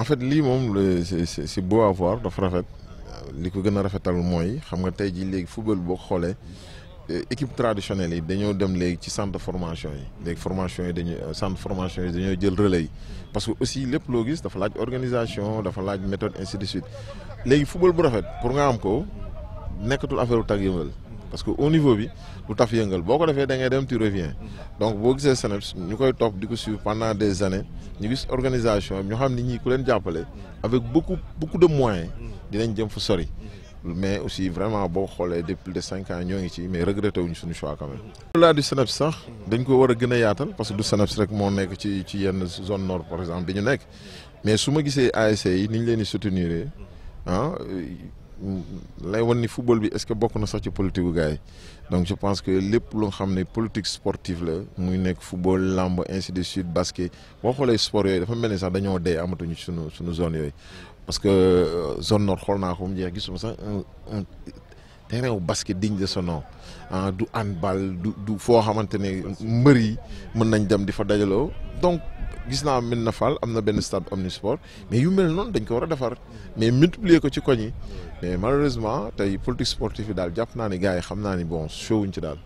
en fait li mom c'est beau à voir dafa rafet li ko gëna a rafetal mooy xam nga tay ji légui football boo xolé eh, équipe traditionnelle yi dañu dem légui ci centre de formation yi légui formation yi dañu euh, centre formation yi dañoo jël relais parce que aussi lepp lo gis dafa laaj organisation dafa laaj méthode ainsi de suite légui football bu rafet pour nga am ko nekkatul affaire u tag yëngal parce que au niveau bi lu taf yëngal boko defé da ngay dem tu reviens donc bo gisee SNEIPS ñukoy top diko suivre pendant des années ñu gis organisation ñu xam ni ñii ku len jappalé avec beaucoup beaucoup de moyens dinañ jëm fu sori mais aussi vraiment bo xolé depuis de cinq ans ñoo ngi ci mais regretté wuñu suñu choix quand même. au du SNEIPS sax dañ ko wara gëna gën yaatal parce que du SNEIPS rek mo nekk ci ci yenn zone nord par exemple biñu nekk mais suma ma gisee ASC yi ni ñu leen di soutenir ah, lay wan ni football bi est-ce que bokk na sax ci politique gu gars donc je pense que lepp lu xamné politique sportive la muy nek football lamb ainsi de suite basket boo xoolee sport yoy dafa melni ni sax dañoo dee amatuñu sunu sunu zone yoy parce que euh, zone nord xool naa ko mu jeex gisuma sax terrain wu basket digne de son nom ah du handball du du foo xamante ne mbër yi mën nañ dem di fa dajaloo donc gis naa mën na fal am na benn stade omnisport mais yu mel noonu dañ ko war a defar mais multiplier ko ci koñ yi mais malheureusement tey politique sportive yi daal jàpp naa ne gars yi xam naa ni bon sowuñ ci daal.